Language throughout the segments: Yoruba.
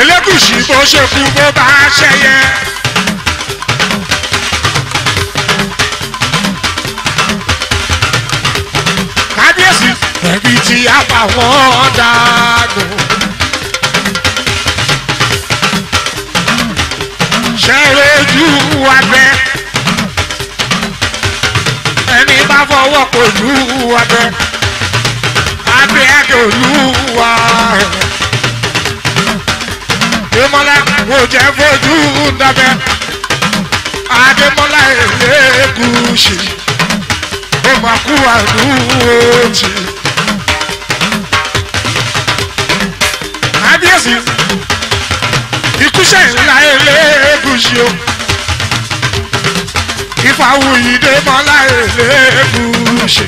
Ẹlẹ́gùṣì bó ṣe kú bó bá ṣẹyẹ. Kábíyèsí ẹbí tí a bá wọ́n dànù. Ṣẹ́rẹ́ ju abẹ́. Ẹni bá fọwọ́ pẹ̀lú abẹ́. Abẹ́ àdòlúwa. Adémọ́lá mo jẹ́ fojú dábẹ́ Adémọ́lá Elégùṣì mo máa kú àdúró tì. Kábíyèsí ikúṣẹ́ ńlá Elégùṣì o Ifáwùyí Démọ́lá Elégùṣì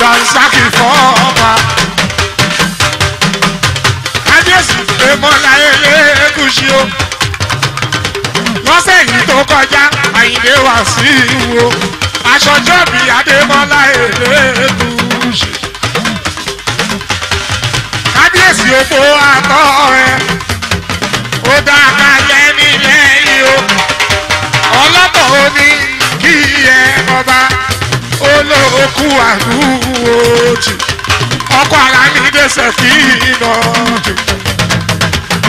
dansaki fọ́ọ̀mà jésù èmọ́lá Elégùṣì o lọ́sẹ̀ yìí tó kọjá Àyìndé Wàsíù o aṣọjọ́ mi Adémọ́lá Elégùṣì kábíyèsí òpó àtọ́ rẹ̀ ó dá kalẹ̀ nílẹ̀ yìí o ọlọ́pọ̀ omi kí ẹ ọba olóòkú àdúgbò jù ọkọ̀ ara mi dé sẹ́fì náà jù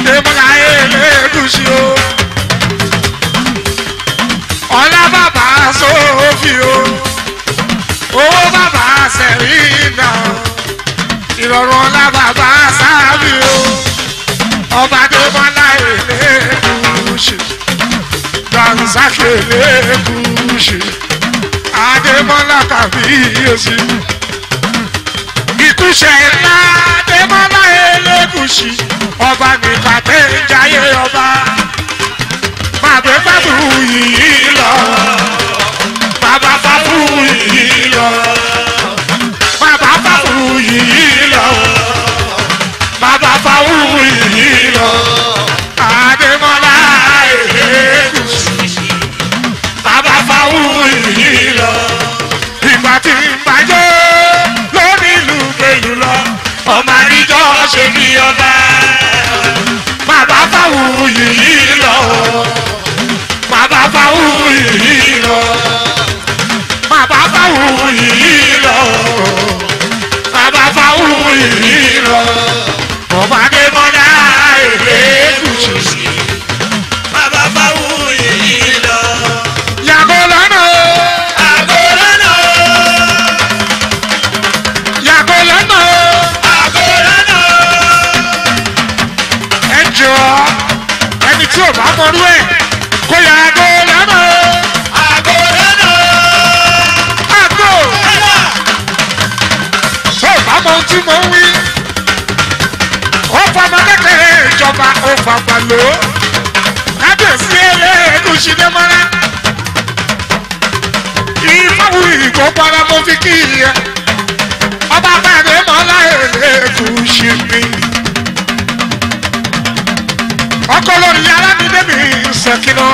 ṣe mọ́ra Ẹlẹ́gùṣì o ọlá bàbá sófì o owó bàbá sẹ̀rínà o ọba tó mọ́lá Ẹlẹ́gùṣì dànsákè Ẹlẹ́gùṣì adémọ́lá kàbíyèsí ìtúsẹ̀ ńlá adémọ́lá. Fábùṣì ọba nìkan tẹ́ ń jayé ọba bàbá fábù yìí lọ bàbá fábù yìí lọ bàbá fábù yìí lọ bàbá fábù yìí lọ. ṣe bí ọba bàbá fáwọn yìí lọ bàbá fáwọn yìí lọ bàbá fáwọn yìí lọ bàbá fáwọn yìí lọ bàbá. ìgbó para mo fi kí ìyẹn ọba pẹ̀lú mọ́lá èlé kùsì mi. ọkọ lórí alábídé mi ń sẹ́kínà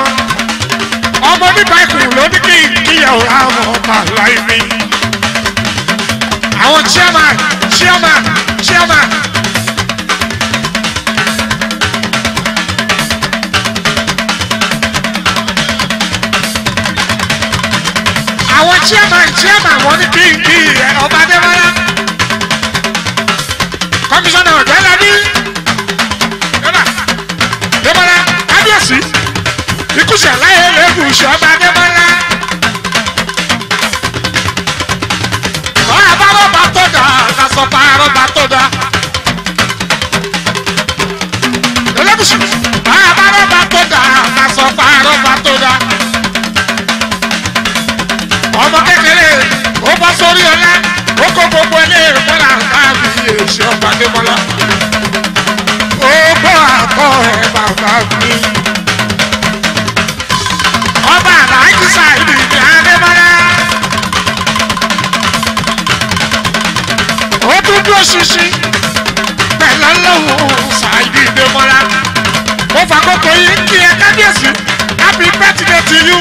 ọmọ oníbà ikú ló ní kí n kíyàwó àwọn ọmọ àlàyé mi. àwọn chairman chairman chairman. chairman chairman wọ́n ní bíi bíi ẹ̀ ọba adébọ́lá kọmíṣánná ọ̀gbẹ́lẹ́bí débọ́lá kábíyèsí ikú sẹ̀ láyé lẹ́gùn ìṣọ̀ba adébọ́lá. sórí ọlá ó kó gbogbo ẹlẹ́rìí bọ́lá báàbí èsì ọ̀pá débọ́lá. ó gbọ́ àkọ́ ẹ̀ bàbá mi. ọba àlàájì sáìdì ìdí adébọ́lá. ó tún dúró ṣinṣin pẹ̀lú ọlọ́run sáìdì ìdébọ́lá. ó fàkókò yìí kí ẹ kábíyèsí happy birthday to you.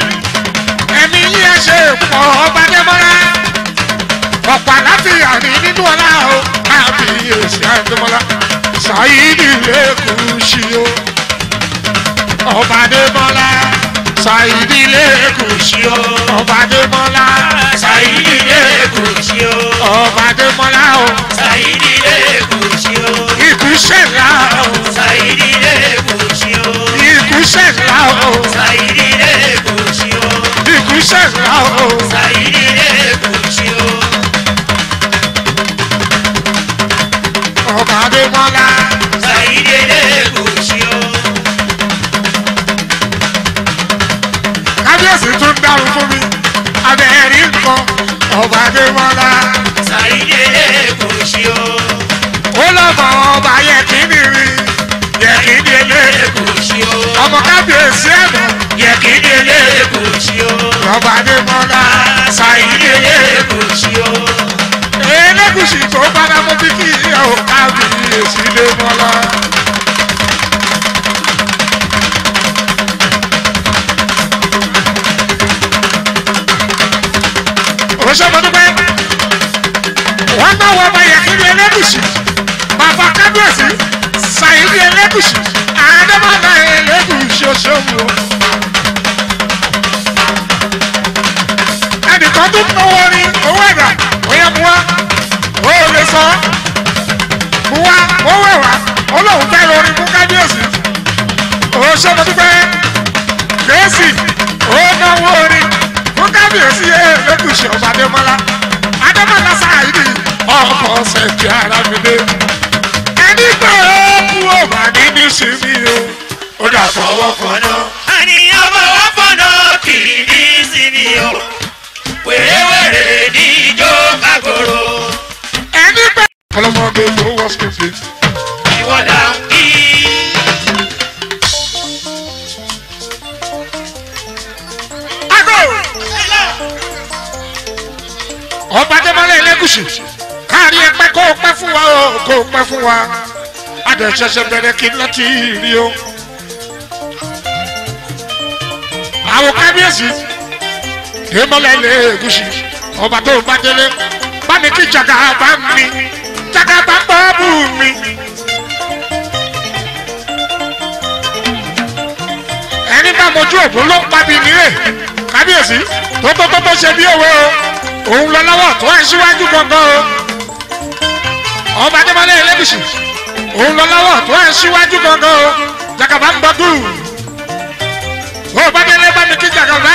ẹ̀mí yíyá ṣe pọ̀ ọba débọ́lá ọ̀pá láti àní nínú ọlá o kábíyèsí àdúmọ́lá ṣáìdì lẹ́kùn sí o ọba ṣáìdì lẹ́kùn sí o ọba débọ́lá ṣáìdì lẹ́kùn sí o ọba débọ́lá o ṣáìdì lẹ́kùn sí o ikú ṣẹ̀dá o ṣáìdì lẹ́kùn sí o ikú ṣẹ̀dá o ṣáìdì lẹ́kùn sí o ikú ṣẹ̀dá o ṣáìdì. ọba adémọlá ṣàyíde elégùsì o. elégùsì tó bára mo fi kí ìyá ò kábíyèsí lé mọ́lá. òṣèlú ọdún pé wọ́n náà wọ́n bá yẹ kí ni elégùsì bàbá kábíyèsí ṣàyíde elégùsì àdémọlá elégùsì oṣooṣù. ti ara mi dé. ẹni tó kú ò mà ní ní sinmi o. ó dà fọwọ́ kan náà. àníyàn fọwọ́ kan náà kì í ní sinmi o. wèrèwèrè ní ijó kagoro. ẹni tó. ọlọ́mọdé ló wọ́ sípè. ìwọ́dà ń kí. ọba tẹ́mọ́lẹ̀ lẹ́gùsì kó pẹ́ fún wa adẹ̀ṣẹ̀ṣẹ̀ bẹ̀rẹ̀ kí n láti rí o. àwọn kábíyèsí èèmọ́lẹ̀ lè gúúsì ọba tó bá délé bá ní kí jàgà bá mi jàgà bá bọ́ bù mi. ẹni bá mojú òbó ló ń pàbí nílé kábíyèsí tó tó tó tó ṣe bí òwe o òun lọ lọ́wọ́ tó ẹ̀ síwájú gbọ̀ngàn o ọba adémọlé elébùsù òun lọ lọ́wọ́ tó ẹ̀ síwájú gangan o jàkàbá ń bọ́dù ó bá bá mi kí jàkàbá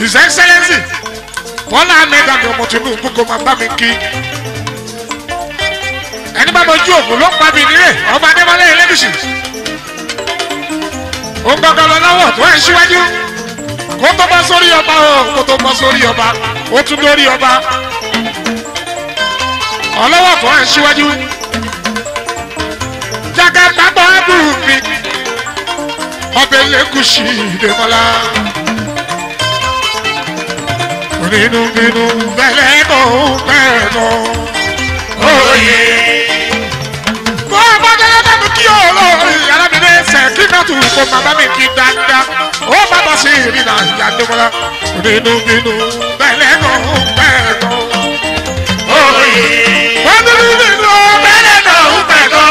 his excellence bọ́lá amẹ́gbà ni ọmọ tìlú gbogbo máa bá mi kí ẹni bá mojú ògùn ló pa mi nílé ọba adémọlé elébùsù òun gangan lọ lọ́wọ́ tó ẹ̀ síwájú kó tó bá sórí ọba o kó tó bá sórí ọba ó tún lórí ọba ọlọ́wọ́ kan ń ṣíwájú jákàtà bọ́ọ̀bù mi ọbẹ̀ lẹ́kùsì ìdèmọ́lá nínú nínú bẹ́lẹ́ tó bẹ́ẹ̀ tó òye. bó o bá délé dẹ́nu kí o lórí alábìnrin ẹsẹ̀ kí náà tù kó bàbá mi kí dáadáa sí ìrìnà ìyá dọ́mọ́lá nínú bínú bẹ́lẹ̀ náà bẹ́ẹ̀ náà. Oyè. Wọ́n dúró nínú bẹ́lẹ̀ náà bẹ́ẹ̀ náà.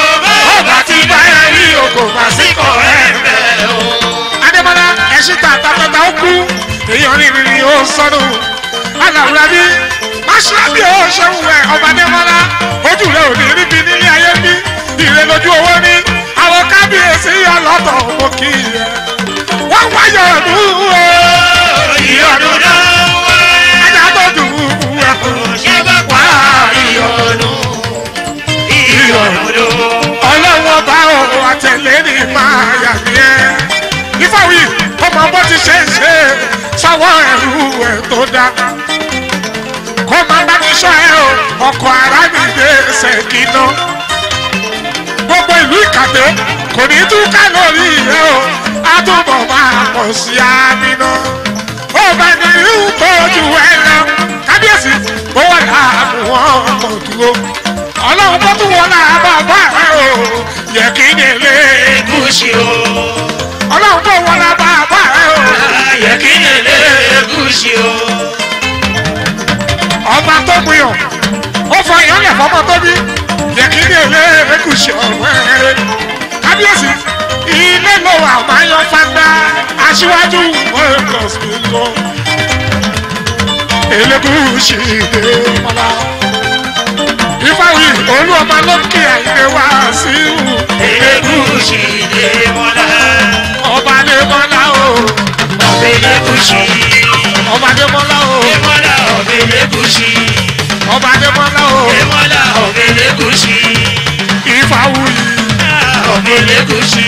Ọba ti bá ẹ rí oko màsíkọ̀ ẹ̀ bẹ́ẹ̀ o. Adébọ́lá ẹ̀ṣin tààtà tọ́ta ó kú. Èyí ọ̀rìn ìrìn ó sọ́nù. Alàwùrà bí Máṣúrábì ó ṣẹ́wù ẹ̀ ọba Adébọ́lá. Ojú rẹ̀ ò ní ríbi nílé ayé ní. Ìrè lójú owó ní. Àwọn kábíyèsí yọ lọ́tọ̀ mo kì í wọ́n wáyọ̀ ọdún o ìyọ̀dún náà wá ajá tó dùn ún ẹ̀kọ́ ṣé bá pa ìyọ̀dún ìyọ̀dún ọlọ́wọ́ bá ọ̀rọ̀ àtẹ̀lé ní o ọkọ̀ ara mi dé ṣèkínà gbogbo kò ní túká lórí rẹ o àtúbọ̀ máa pọ̀ sí àmìnà. ó bá ní irú bójú ẹ lọ kábíyèsí bó wà láàbù wọn kò dúró. ọlọ́run bó tún wọn náà bàbá rẹ o yẹ kí ni ilé egúsí o. ọlọ́run bó wọn náà bàbá rẹ o yẹ kí ni ilé egúsí o. ọba tó gbìyànjú ó fọ ìyọ́lẹ̀ fọmọ tó yẹ kí ni ilé egúsí ọ̀rọ̀ kábíyèsí ilé ló wà máa yan fagbá aṣíwájú Lagos mi lọ Elégùṣì dé mọ́lá Ifáwì olú ọba lókè àìlè wá sí ìhù. Elégùṣì dé mọ́lá. ọba dé mọ́lá o. ọba Elégùṣì. ọba dé mọ́lá o. dé mọ́lá ọba Elégùṣì. ọba dé mọ́lá o. dé mọ́lá ọba Elégùṣì. Ifáwì. Elégùṣì.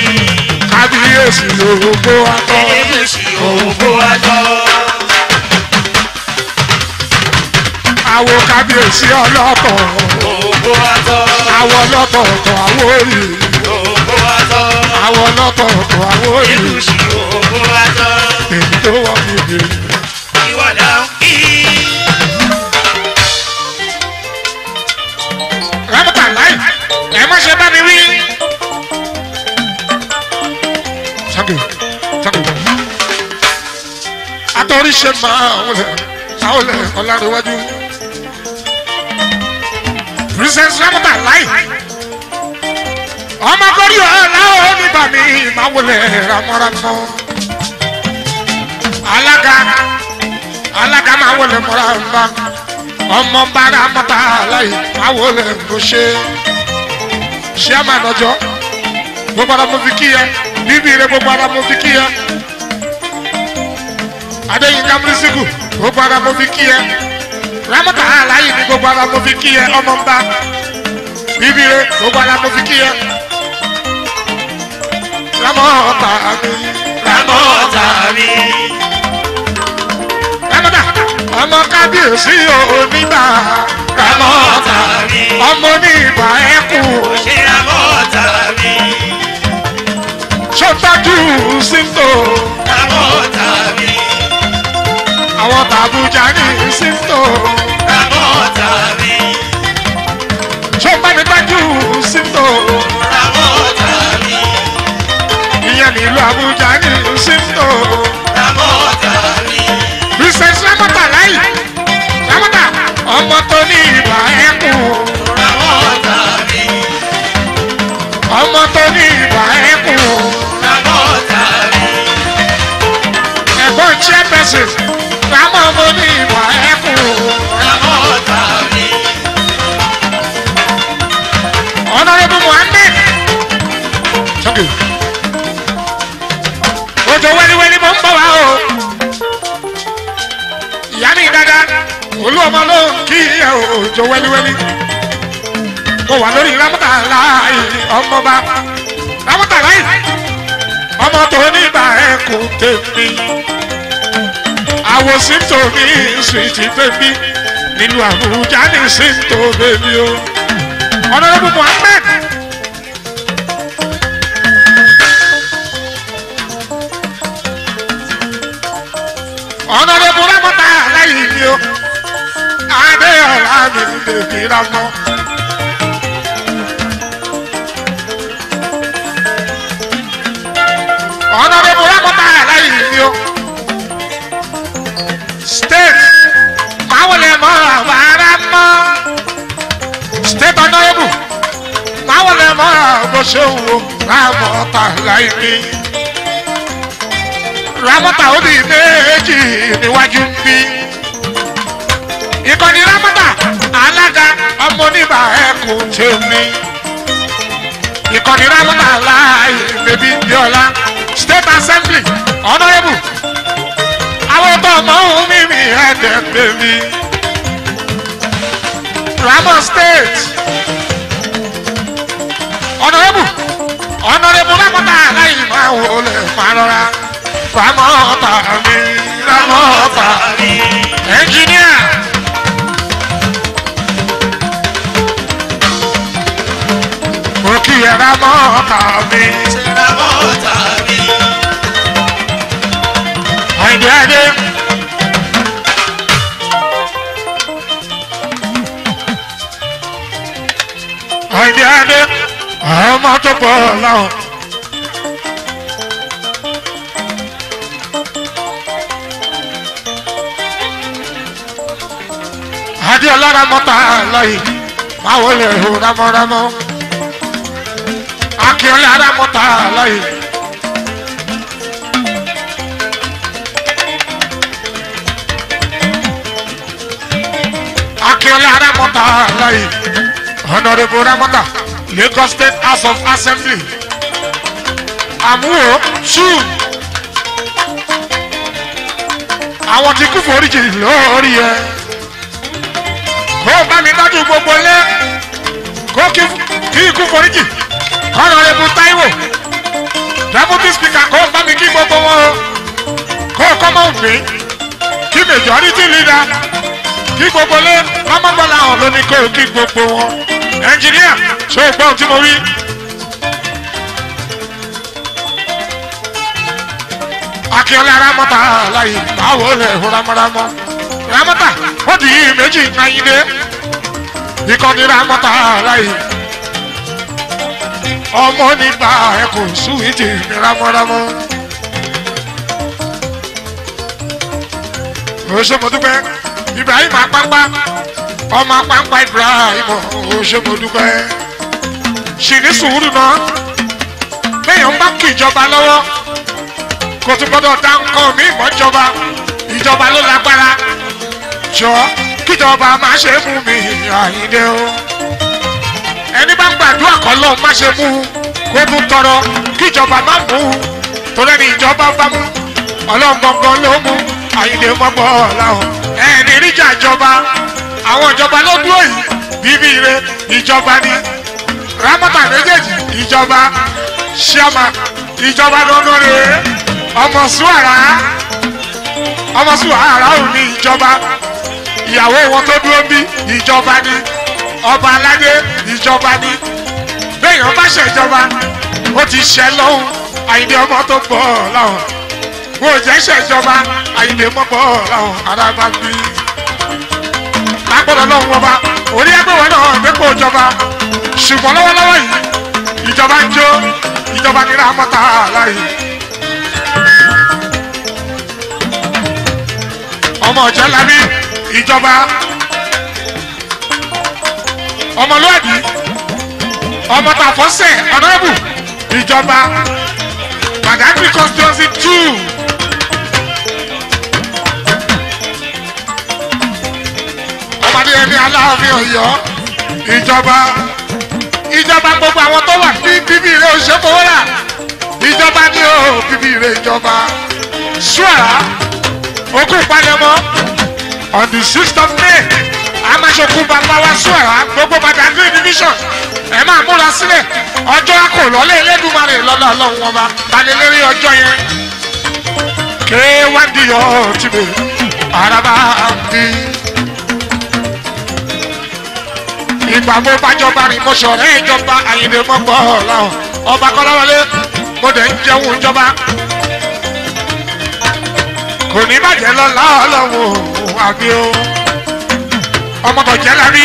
kábíyèsí òògbó atọ́. Elégùṣì òògbó atọ́. àwo kábíyèsí ọlọ́kọ̀. òògbó atọ́. àwo ọlọ́kọ̀ọ̀kọ̀ àwo rì. òògbó atọ́. àwo ọlọ́kọ̀ọ̀kọ̀ àwo rì. Elégùṣì òògbó atọ́. èyí tó wọ́n mi dé. àtọ́rí ṣe máa wọlé àwọlé ọ̀làríwájú. princess ramata láì ọmọ kọ́rí ọ̀la oníbà mi máa wọlé ramọ́ramọ́. alága alága máa wọlé mọ́ramọ́ ọmọ bára mọ́ta láì máa wọlé ló ṣe ṣé àmà lọ́jọ́ gbogbo ara mo fi kí yẹn dídì rẹ gbogbo ara mo fi kí ẹ adéyínká mírísìkù gbogbo ara mo fi kí ẹ ramata, aláyè ní gbogbo ara mo fi kí ẹ ọmọ ń bá dídì rẹ gbogbo ara mo fi kí ẹ rámọ́tà mi rámọ́tà mi rámọ́tà ọmọ kábíyèsí onígbà. ní síntò. Ràbọ̀ ọ̀tà mi. Ṣé o bá mi gbájú síntò? Ràbọ̀ ọ̀tà mi. Ìyẹn nílùú Àbújá ní síntò. òjò wẹ́líwẹ́lí mo wà lórí rámọ́tà láàyè ọmọba rámọ́tà láàyè ọmọ tó nígbà ẹ̀ kò tèmi àwòsí tòmí sùìtì bèbí nílùú Àbújá ní sí tòmí o ọ̀nà lọ́dún Muhammed. ramata, lè ríra mọ́. ọ̀nà rẹ̀ mo lákọ̀ọ́ta àláyé mi o. state máwọlẹ̀ mọ́ àwọn ará mọ́. state honourable máwọlẹ̀ mọ́ àwọn ṣéwù o. rámọ́ta àláyé mi. rámọ́ta ó di méjì níwájú ń bí. ìkànnì rámọ́ta alága ọmọ oníbà ẹkùn ṣe mi ìkànnì rámọ́tà láàyè bèbí bíọ́lá state assembly honourable àwọn ọgbà ọmọ ohun mímì ẹ̀dẹ̀ bèbí Ramos state honourable honourable rámọ́tà láàyè máa wò lè máa rọra mi rámọ́tà mi engineer. yẹra mọ́ta mi. yẹra mọ́ta mi. àìdí adé. àìdí adé. ọmọ tó pọ̀ láwọn. adé ọlọ́ra mọ́ta lọ yìí máa wọlé ìhùn rámọ́rámọ́ kí ara lára mọ́ ta ara Akíọ́lá Aramota láyé. Honorable Ramota, Lagos State House of Assembly. Àmúhò two. Àwọn ti kú foríjì lórí ẹ. Kó o bá mi dájú gbogbo ilé. Kó kí ikú foríjì. Honorable Taiwo deputy speaker kó bá mi kí gbogbo wọn o kó kọ́mọ òfin kí majority leader kí gbogbo lé mọ́mọ́gbọ́lá hàn ló ní kó kí gbogbo wọn ẹnjìníà ṣé o gbọ́ ohun tí mo wí. akíọ́lá ramọ́ta aláyé báwo lè hu ramọ́ramọ́ ramọ́ta ó di méjì ayíǹde ìkọ́ni ramọ́ta aláyé ọmọ nígbà ẹ kò sún ìjì mo dúpẹ́ Ibrahim apápá ọmọ apápá Ibrahim ó ṣe mo dúpẹ́. ṣì ní sùúrù náà lẹ́yìn ń bá kí ìjọba lọ́wọ́ kò tún gbọ́dọ̀ dá nǹkan mi ìmọ̀jọba ìjọba ló lágbára jọ kíjọba máa ṣe é mú mi Àyìndé o ẹni bá ń gbàdúrà kọ́ lọ́hùn má ṣe mú kó tún tọrọ kí ìjọba má mú torí ẹni ìjọba bá mú ọlọ́run gbọ̀ngàn ló mú àyìnlẹ̀ mọ́gbọ́ ọ̀làhùn ẹni ríjà ìjọba àwọn ìjọba ló dúró yìí bíbí ire ìjọba ni rámọ́tà méjèèjì ìjọba ṣíàmà ìjọba dandan rèé ọmọ sùwàrà ọmọ sùwàrà ò ní ìjọba ìyàwó wọn tó dúró bí ìjọba ni ọba aládé ìjọba ni béèyàn bá ṣèjọba ó ti ṣẹ lọ́hùn àyìnbí ọmọ tó bọ̀ láwọn wọn ò jẹ́ ṣèjọba àyìnbí mọ́ bọ̀ láwọn arábá bí. lágbọ́dọ̀ lọ́hùn ọba orí ẹgbẹ́ wọn náà dépò ìjọba ṣùgbọ́n lọ́wọ́lọ́wọ́ yìí ìjọba ń jó ìjọba ní rámọ́tà láyé. ọmọ ọ̀jẹ̀ labi ìjọba ọmọlúwàbí ọmọ tàfọ́sẹ̀ ọ̀nàbù ìjọba Badagry constituency two. ọmọdé ẹni aláàfin Ọ̀yọ́ ìjọba ìjọba gbogbo àwọn tó wà ní bíbí rẹ òṣèkówó rà ìjọba ní o bíbí rẹ ìjọba ṣúà okùn ìpalẹ̀mọ́ on the sixth of May a máa ṣe fún bàbá wa sún ẹ̀wá gbogbo bàbá green division ẹ máa múra sílẹ̀ ọjọ́ kò lọ́lẹ̀ Elédùmarè lọ́lọ́ ọlọ́run wọn bá ọjọ́ yẹn. kéwádìí ọtí mi araba bí. ìgbà mo bájọba rìn mo ṣọ̀rẹ́ ìjọba àyìnbó mọ́gbọ́ ọ̀làwọ̀ ọba kọ́láwọlé mo dẹ̀ ń jẹun ìjọba kò ní bàjẹ́ lọ́la ọlọ́run àbí ọmọ bọ̀jẹ́ lábí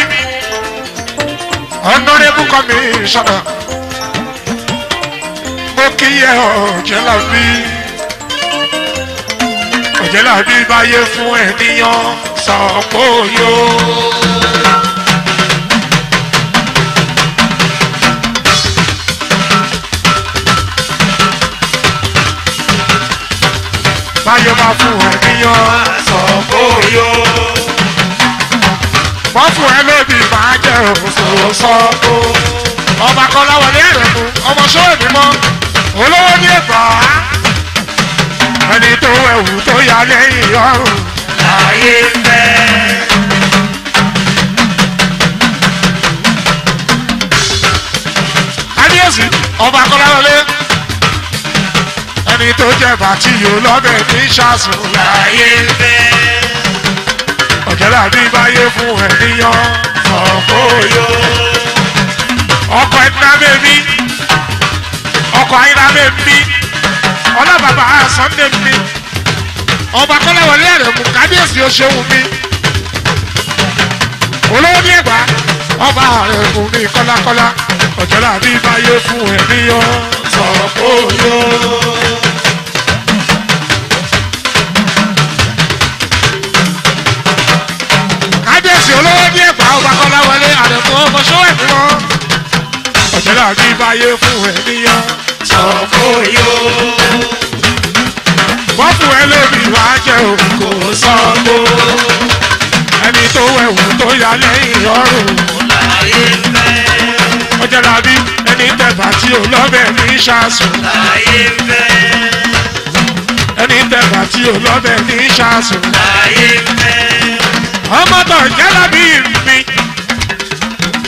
ọ̀nàrẹ́bù kọmíṣánná mo kí yẹ ọ̀jẹ́ lábí ọ̀jẹ́ lábí báyé fún ènìyàn sọ̀pọ̀ yóò. báyọ̀ bá fún ènìyàn sọ̀pọ̀ yóò fọ́fù ẹlẹ́bí máa jẹ́ òṣòwò sọ́kó. ọba kọlá wọlé ẹ̀rẹ̀kú ọmọ sọ́ọ̀ mímọ́ olówó ní ẹ̀bà. ẹni tó ẹ̀wù tó yá lẹ́yìn ọrùn. ayé fẹ́. kábíyèsí ọba kọlá wọlé ẹni tó jẹ bàtí yóò lọ́bẹ̀ ní sàṣù. ayé fẹ́ jẹ́lá bí báyé fún ènìyàn. Sàngóyò. Ọkọ Ẹ̀dá bèbí. Ọkọ Ayíra bèbí. Ọlọ́bàbà Sunday mi. Ọba Kọ́láwọlé Àrẹ̀mú kábíyèsí Oṣòwò mi. Olówó ní Ẹ̀gbá. Ọba Àrẹ̀mú ní kọ́lákọ́lá. Ọ̀jọ̀lá bí báyé fún ènìyàn. Sàngóyò. òsì olówó bí ẹ̀pà ọba kọ́lá wọlé àdẹ̀kọ́ ọkọ̀ ṣó ẹ̀mí wọn. ọ̀jọ̀lá kí báyé fún ẹ̀mí yan. sọ fún yó. bọ́ọ̀fù ẹlẹ́rìí wá jẹ́ òun kò sanwó. ẹni tó ẹ̀wù tó ya lẹ́yìn ọrùn. láyé fẹ́. ọ̀jọ̀lá bí ẹni tẹ̀bà tí ò lọ́bẹ̀ ní ṣàṣùn. láyé fẹ́. ẹni tẹ̀bà tí ò lọ́bẹ̀ ní ṣàṣùn. láyé fẹ́ ọmọ tó jẹ́lá bí mi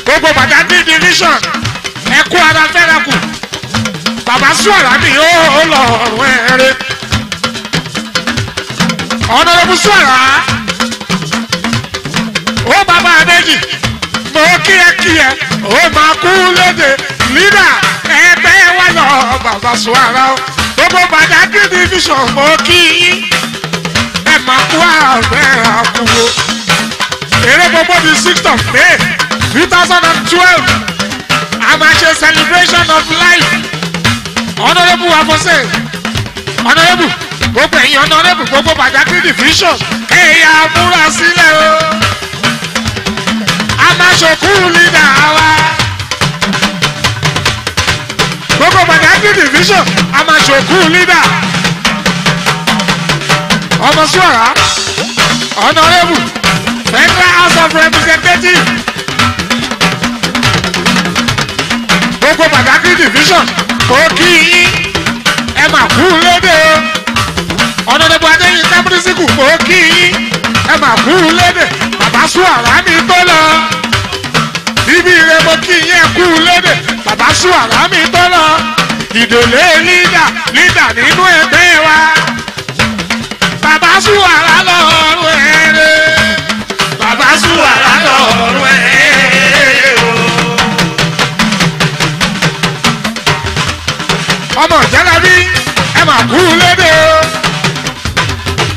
gbogbo bàtà ní division ẹ̀kú ara fẹ́rẹ̀ kù bàbá suwara mi ó lọ ọ̀rùn ẹ̀rẹ́ ọ̀nàdọ́bù suwara ó bàbá adéjì mo kíyẹkíyẹ ó máa kú léde lídà ẹgbẹ́ wa lọ bàbá suwara ó gbogbo bàtà ní division mo kí yín ẹ máa kú àbẹ̀rẹ̀ àkúwò eré gbogbo di sixth of may two thousand a celebration of life honourable afọsẹ honourable gbogbo ẹ̀yin honourable gbogbo bàjákì division ẹ̀yà múra sílẹ̀ o a máa ṣòkú lídà wa gbogbo bàjákì division a máa ṣòkú lídà ọmọ sí ọ̀rá honourable. Federal House of Representatives gbogbo Badagry division kò kí yín ẹ mà kú lédè o ọ̀nàdẹ̀bọ̀ adéyìn tábírísìkù kò kí yín ẹ mà kú lédè bàbá sùn àrá ní tó lọ ibi rẹ mo kí yín ẹ kú lédè bàbá sùn àrá mi tó lọ ìdòlé lídà lídà nínú ẹgbẹ́ wa bàbá sùn àrá lọ́rùn ẹ̀rẹ́ àsùnwà látọ̀run ẹ̀ o. ọmọ jalabi ẹ mà kú lédè o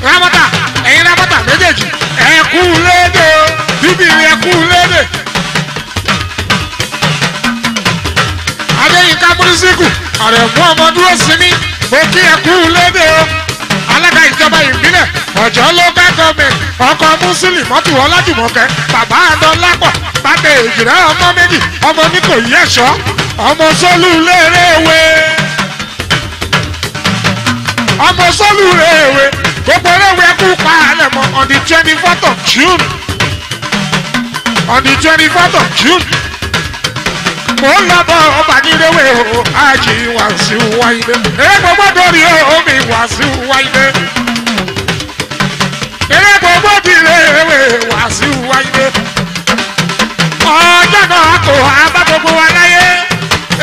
ramọta ẹyin ramọta méjèèjì ẹ kú lédè o bíbí ẹ kú lédè. adéyínká múrísíkù ọ̀rẹ́ mú ọmọ dúró mi mo kí ẹ kú lédè o ìjọba ìbílẹ̀ ọ̀jọ́ local government ọkọ̀ mùsùlùmí mọ́tò ọlájùmọ̀kẹ́ bàbá àdánlápọ̀ bàtẹ èjìrẹ́ ọmọ méjì ọmọ nìkòyí ẹ̀ṣọ́ ọmọ sólù lérèwé ọmọ sólù lérèwé gbogbo eléwé ẹkú pa àlẹ́ mọ́ on the twenty fourth of June on the twenty fourth of June ó lọ bọ ọba níléwé o àjì wàásù wáyé erégbò gbọ́dọ̀ rí omi wàásù wáyé erégbò gbọ́dọ̀ rí wàásù wáyé ọjọ́ náà kò abá gbogbo wa láyé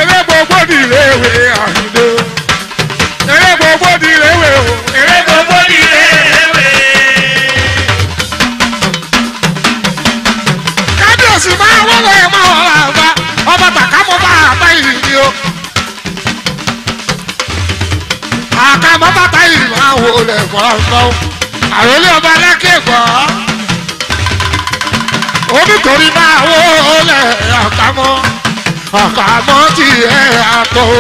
erégbò gbọ́dọ̀ rí àyíndé. bàtà yìí máa wò lẹ̀ fọ́nrán sọ́wọ́ àròlé ọba alákẹ́gbọ́ onítorí máa wò lẹ̀ àkàmọ́ àkàmọ́ ti ẹ̀ àtọ́.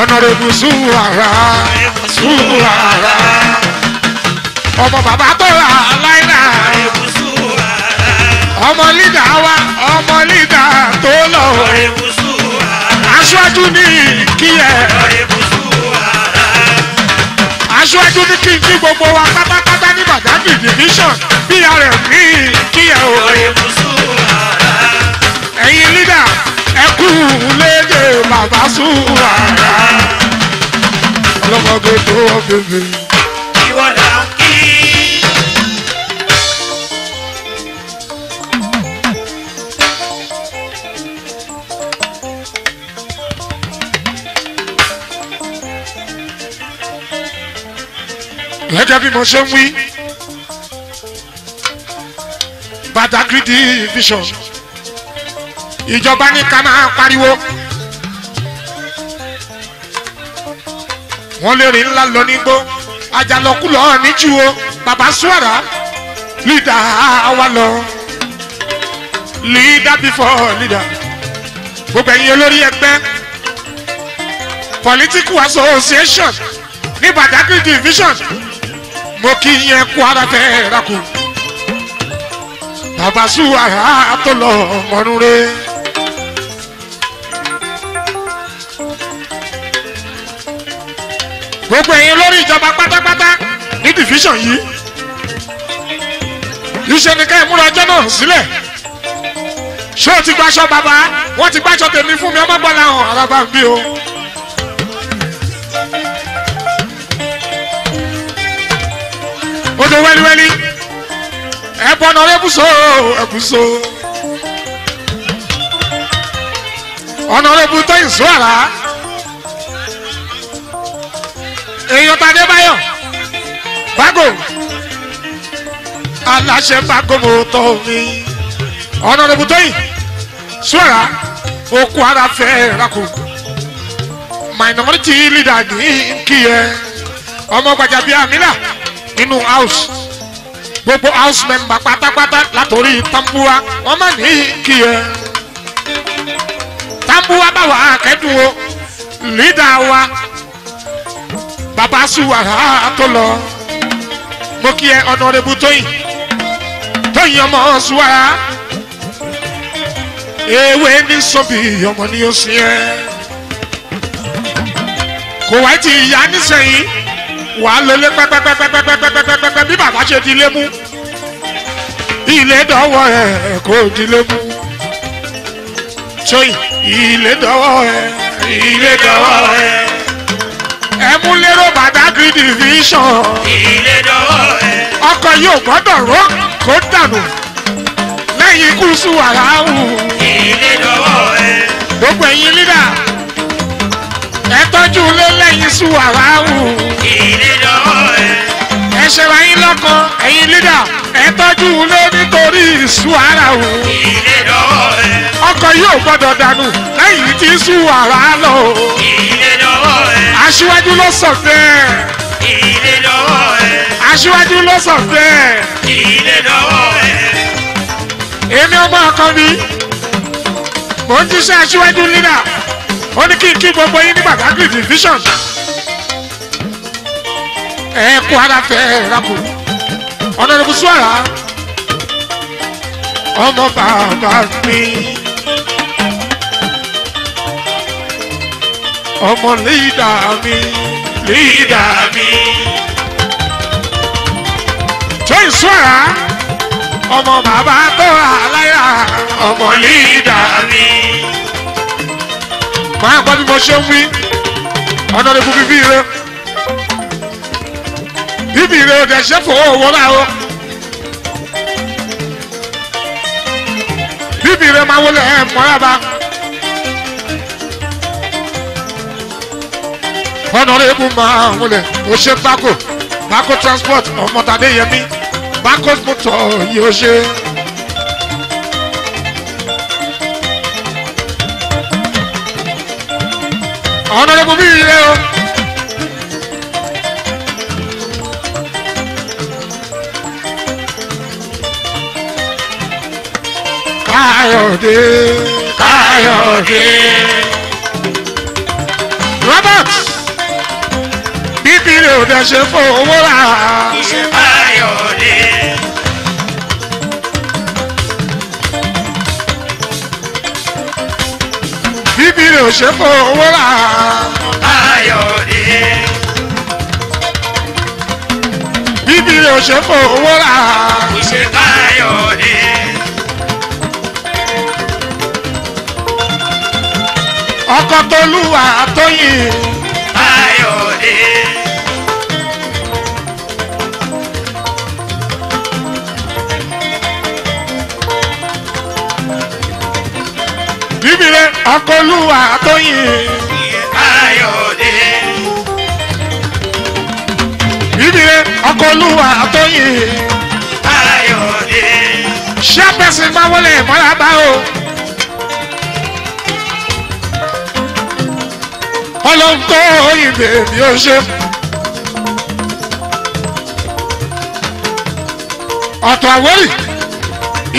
ọ̀nàrẹ́bù sùúràrà sùúràrà ọmọ bàbá tó rà láìláì ọmọ lídà wa ọmọ lídà tó lọ. aṣáájú ní kí ẹ. aṣáájú ní kí n kí gbogbo wa pátápátá ní bàdágì division prm ní kí ẹ o. ẹ̀yin lídà ẹ kú léde bàbá sùn wàrà. ọlọ́mọge tó wọ́n fi fi. gẹ́gẹ́ bí mo ṣe ń wí Badagry division ìjọba ní ká máa pariwo wọ́n lè rìn ńlá lọ nígbó àjàlọ́kùlọ́ níjú o bàbá suwara lídà wa lọ lídà before leader. gbogbo ẹ̀yin olórí ẹgbẹ́ political association ní Badagry division mo kí yẹn kú ara tẹ ra kù bàbá sùn ara tó lọ mọ́nú rẹ̀. gbogbo ẹ̀yin lórí ìjọba pátápátá ní division yìí iṣẹ́ ni ká ẹ̀ múra ọjọ́ náà sílẹ̀ ṣé o ti gbaṣọ bàbá wọ́n ti gbaṣọ tèmi fún mi ọmọ gbọ́dọ̀ àwọn alábàá o. wẹ́líwẹ́lí ẹ̀bọ̀n náà ẹ̀bùsọ̀ ẹ̀bùsọ̀ ọ̀nà ọ̀rẹ́bù tó ìṣó àrà èèyàn tàdé báyọ̀ bágò aláṣẹ bágò mo tọ́ mi ọ̀nà ọ̀rẹ́bù tó ìṣó àrà okùn ara fẹ́ rakùn minority leader ní kí ẹ ọmọ gbajàbí àmì nínú house gbogbo house member pátápátá látòrí tambuwa wọ́n má ní kí ẹ tambuwa bá wà á kẹ́dùn o leader wa bàbá suwa ha tó lọ mo kí ẹ honorable Tóyìn Tóyìn ọmọ suwa ewé ní sọ́bì ọmọ ní oṣù yẹn kò wá ti yá nísẹ̀yìn wà á lélẹ̀ pẹ́pẹ́pẹ́pẹ́pẹ́pẹ́pẹ́ bí bàbá ṣe di lé mú ilé dọ́wọ́ ẹ̀ kò di lé mú sóyìn ilé dọ́wọ́ ẹ̀ ilé dọ́wọ́ ẹ̀ ẹ mú lérò Badagry division ilé dọ́wọ́ ẹ̀ ọkọ̀ yóò gbọ́dọ̀ rọ́ kó dànù lẹ́yìn ikú sùn wàrà áwù ilé dọ́wọ́ ẹ̀ gbogbo ẹ̀yin lídà ẹ tọ́jú ilé lẹ́yìn sùn wàrà wù. ilé dọ́wọ́ ẹ. ẹ ṣẹ̀ra yín lọ́kọ ẹ̀yin lídà ẹ tọ́jú ilé nítorí sùn wàrà wù. ilé dọ́wọ́ ẹ. ọkọ yóò gbọ́dọ̀ dànù lẹ́yìn tí sùn wàrà lọ. ilé ẹ. aṣíwájú ló sọ bẹ́ẹ̀. ilé ẹ. aṣíwájú ló sọ bẹ́ẹ̀. ilé ẹ. èmi ọmọ ọkọ mi mò ń jíṣẹ́ aṣíwájú lídà ó ní kí n kí gbogbo yín ní Badagry division ẹ kú ara tẹ ẹ rákò ọ̀nàdìbò sọ́ra ọmọ bàbá mi ọmọ lídà mi lídà mi jọ́yìn sọ́ra ọmọ bàbá tó àlàyà ọmọ lídà mi máa gbọ́ bí mo ṣe ń wí ọ̀nà lè bu bíbí rẹ bíbí rẹ ò dẹ̀ ṣe fò owó láwo bíbí rẹ máa wọlé ẹ̀ mọ́ra bá. honorable máa ń wọlé o ṣe bako bako transport ọmọ tàdé yemi, bako motor yìí o ṣe. ọ̀nàdẹ́kùn bí ilé o. Káyọ̀dé Káyọ̀dé Robert bíbí rẹ̀ ò dẹ̀ ṣe fowó rà. Iṣẹ́ ò ṣe kó owó rà. Káyọ̀dé. Bíbí ò ṣe kó owó rà. Kò ṣe Káyọ̀dé. Ọkọ Tolúwa Tóyìn. Káyọ̀dé. bíbí rẹ akọlùwà tóyìn. Ayọ̀dé. Bíbí rẹ akọlùwà tóyìn. Ayọ̀dé. Ṣé pẹ̀sìn máa wọlé ìmọ̀lá bá o? Ọlọ́run tó ìbè bí ó ṣe. Ọ̀tọ̀ àwórì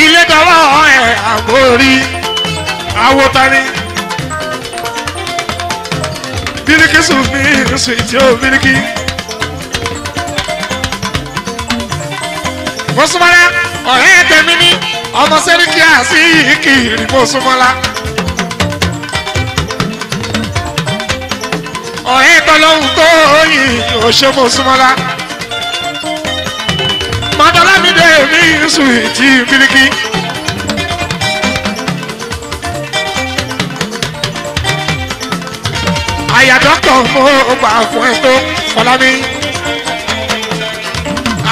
ilé dọ́wọ́ ẹ̀ àgbórí awo tani Biliki sùn mí sùn ìtì ó Biliki. mo súnmọ́lá ọ̀rẹ́ tèmi ní ọmọ sẹ́ríkì àti ìkìrì mo súnmọ́lá. ọ̀rẹ́ tọ́lọ́hún tó yìn òṣè mo súnmọ́lá. mi dé mi sùn Biliki. àyà dọ́kítọ̀ mo gbà fún ẹ tó fọlámi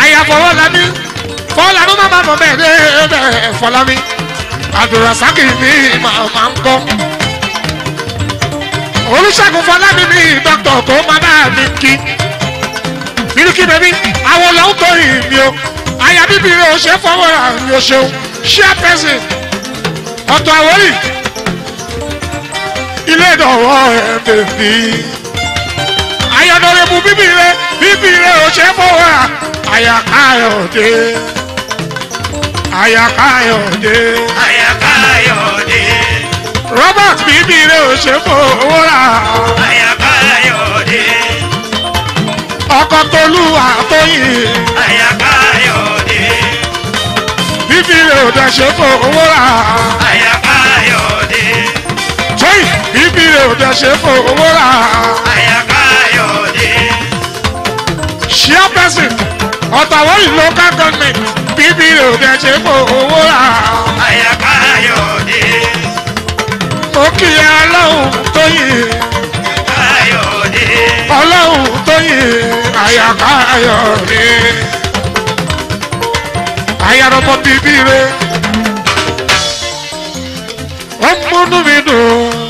àyà fọwọ́lámi fọlámi má má mọ bẹ́ẹ̀ bẹ́ẹ̀ fọlámi àdùràsákì mi máa ń kọ́ olùṣègùn fọlámi mi dọ́kítọ̀ kó má bá mi kí nínú kí àwọn ọ̀la tó yìí mi o àyà bíbí rẹ̀ ò ṣe fọwọ́ rà ni o ṣeun ṣé àpẹ́sì ọ̀tọ̀ àwórì bèbí. Ayọ̀dọ̀rẹ̀ mú bíbí rẹ̀ bíbí rẹ̀ ò ṣe mọ́ wá. Àyàkáyọ̀dé. Àyàkáyọ̀dé. Àyàkáyọ̀dé. Robert bíbí rẹ̀ ò ṣe mọ́ wá. Àyàkáyọ̀dé. Ọkọ̀ Tolúwa Tóyìn. Àyàkáyọ̀dé. Bíbí rẹ̀ ò dẹ̀ ṣe mọ́ wá. Àyàkáyọ̀dé ibi rẹ̀ ò dẹ̀ ṣe fowó rà. àyàká yòóde. chairperson ọ̀tàwọ́ ìlú local government ibi rẹ̀ ò dẹ̀ ṣe fowó rà. àyàká yòóde. mo kí ẹ ọlọ́run tó yè. àyàká yòóde. ọlọ́run tó yè àyàká yòóde. àyàrọ̀bọ bíbí rẹ̀ wọ́n múnú mi dùn.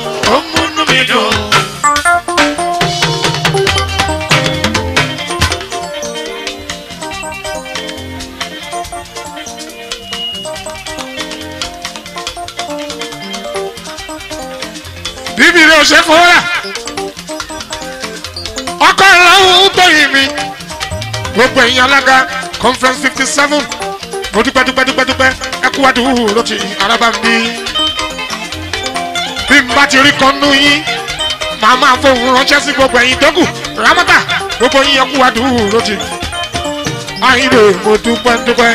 rẹ̀ ṣe fún rà ọkọ ìrànwọ́ bẹ̀yìn mi gbogbo ẹ̀yin alága conference fifty seven mo dúpẹ́ dúpẹ́ dúpẹ́ dúpẹ́ ẹkú wá dùn ló ti araba mi bí n bá ti rí kan nú yín màá máa fohùn ránṣẹ́ sí gbogbo ẹ̀yin dọ́kù rámọ́tà gbogbo yín ẹkú wá dùn ló ti àyìnbó mo dúpẹ́ dúpẹ́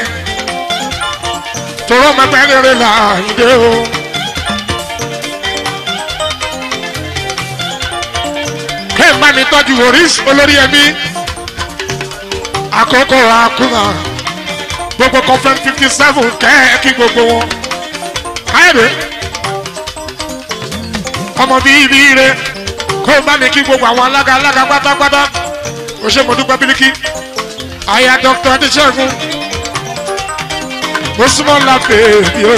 tòrọ́ mẹ́gbẹ́ rere là àyìnbó. bá mi tọ́jú oríṣi olórí ẹbí àkọ́kọ́ àkúrà gbogbo confirm fifty seven kẹ́ kí gbogbo wọn káyọ̀dé ọmọ bíi ibi ire kó bá mi kí gbogbo àwọn alága alága pátápátá ó ṣe mo dúpẹ́ bíríkì àyà dr adéṣẹ́gun mo súnmọ́ la bèbí ó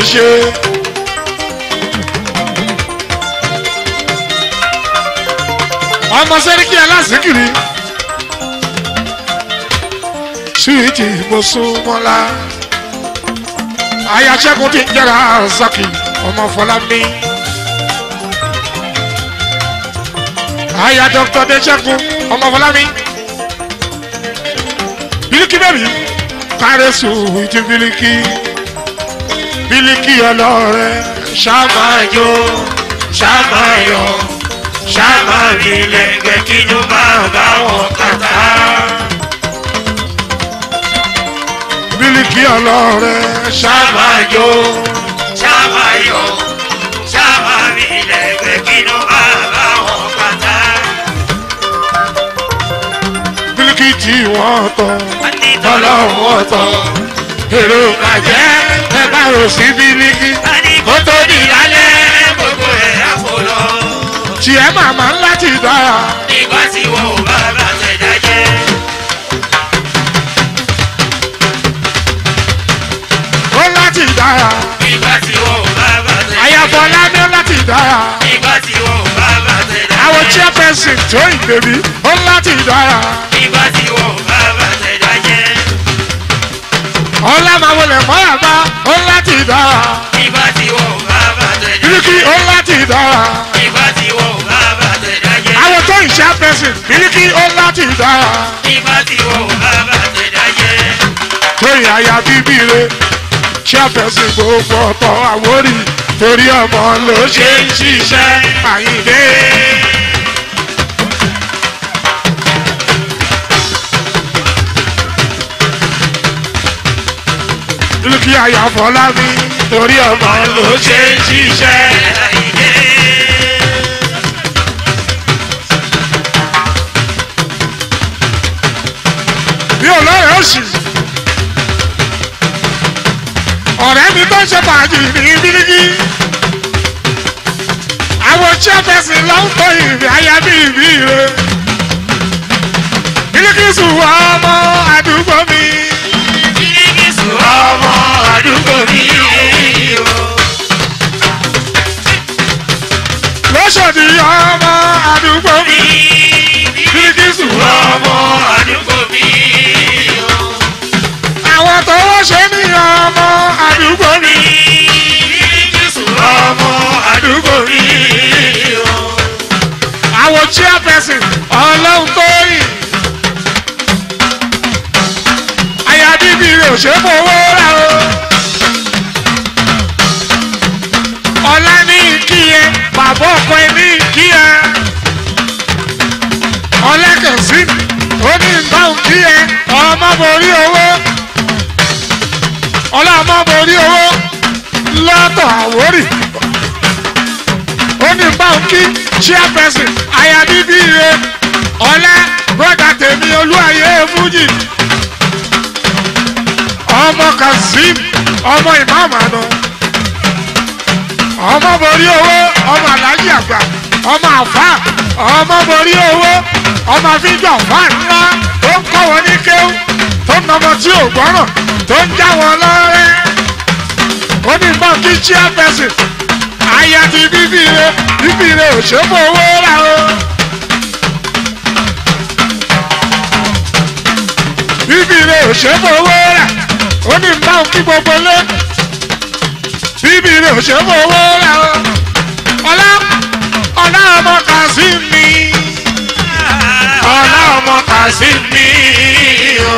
ọmọ sẹ́ríkì aláṣíkiri síríkì mọ́súnmọ́lá ayaṣẹ́gun ti jẹ́ra zaki ọmọ fọlámi aya dr deṣẹ́gun ọmọ fọlámi bílíkì bẹ́ẹ̀bí kárẹ́sù ìjì bílíkì bílíkì ọlọ́rẹ́ ṣàmáyọ ṣàmáyọ ṣáàmà nílẹ̀ gẹ̀ kí ló máa bá wọn kàtà. Bílíkì ọlọ́rẹ̀ ṣáàmà jó ṣáàmà yọ ṣáàmà nílẹ̀ gẹ̀ kí ló máa bá wọn kàtà. Bílíkì tí wọ́n tọ̀ ọlọ́run wọ́n tọ̀ èrò bàjẹ́ di lálẹ́ ṣì ẹ́ màmá ńlá ti dára. nígbà tí wọn ò bá bá ṣẹ̀dá jẹ́. ó láti dára. nígbà tí wọn ò bá bá ṣẹ̀dá jẹ́. àyàfọ́ lábẹ́ ó láti dára. nígbà tí wọn ò bá bá ṣẹ̀dá jẹ́. àwọn chairperson tó ìgbèbí ó láti dára. nígbà tí wọn ò bá bá ṣẹ̀dá jẹ́. ọlá màá wọlé mọ́ àbá ó láti dára. nígbà tí Biliki ola ti dára. Ìgbà tí wọ́n ò bá bá tẹ̀dá jẹ́. Àwọn tó ń ṣá pẹ̀sìn, Biliki ó láti dára. Ìgbà tí wọ́n ò bá bá tẹ̀dá jẹ́. Tóyìn aya bíbí re, ṣá pẹ̀sìn gbogbo ọ̀tọ̀ àwórì, torí ọmọ ló ṣe ń ṣiṣẹ́ àyíndé. Biliki aya Fọlábí torí ọmọ ló ṣe ń ṣiṣẹ́. bí olóyè oṣù ọ̀rẹ́ mi tó ṣe fàájì ní bíríkì àwọn tí a fẹsẹ̀ lọ ń tọ́ ìrìn àyà bí ìbí rẹ̀ bíríkì sùn wọ́n ọmọ àdúgbò mi ọmọ àdúgbò mi o. lọ́sọ̀dì ọmọ àdúgbò mi bíríkìsù ọmọ àdúgbò mi o. àwọn tó wọ́ṣẹ́ ní ọmọ àdúgbò mi bíríkìsù ọmọ àdúgbò mi o. àwọn chairperson ọlọ́run tó yìn. níbi rẹ̀ ò ṣe é fowó rà o. ọ̀la ní kí ẹ bàbá ọkọ ẹ ní kí ẹ. ọlẹ́kẹ̀sí ó ní ìbáhùn kí ẹ ọmọ borí owó. ọlọ́mọ borí owó lọ́tọ̀ àwórì. ó ní ìbáhùn kí chairperson ayabíbí rẹ̀ ọlẹ́ bọ́dà tèmi olúwayé fújì ọmọ kazeem ọmọ ìmáàmù àná ọmọ borí owó ọmọ aláàjì àgbà ọmọ àfà ọmọ borí owó ọmọ fíjọ àfà ńlá tó ń kọ́ wọn ní kéwù tó ń nọmọ tí ò gbọ́ràn tó ń já wọn lọ́rẹ́ ó kí chairperson aya ti bíbí rẹ bíbí rẹ ò ṣe mọ owó rà o. bíbí rẹ ò ṣe mọ owó rà ó ní bá ń fi gbogbo lé bíbí rẹ̀ ò ṣe fowó rà ó ọlá ọlá ọmọ Kazimi ọlá ọmọ Kazimi o.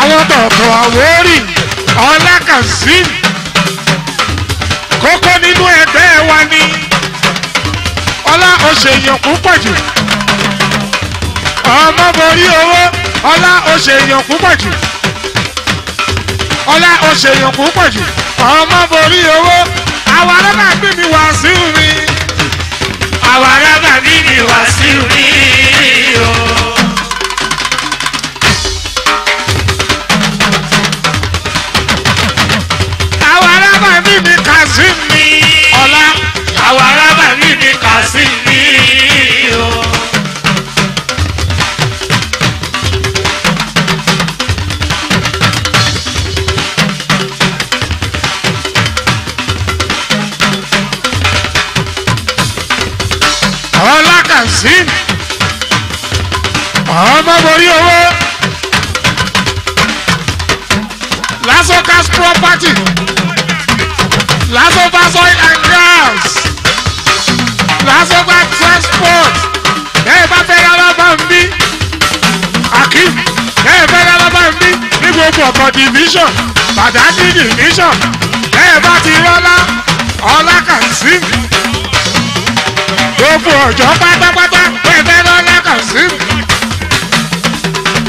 àwọn tọ̀tọ̀ àwórì ọlá Kazimi kókó nínú ẹgbẹ́ wa ni ọlá òṣèyàn púpọ̀ jù ọmọ borí owó ọlá òṣèyàn púpọ̀ jù ọlá òṣèyàn púpọ̀ jù ọmọ borí owó àwọn ará mi wá sí mi. division Badagry division bẹ́ẹ̀ bá ti rọ́lá ọlá kàn sí. gbogbo ọjọ́ pátápátá bẹ́ẹ̀ bẹ́ẹ̀ lọ́lá kàn sí.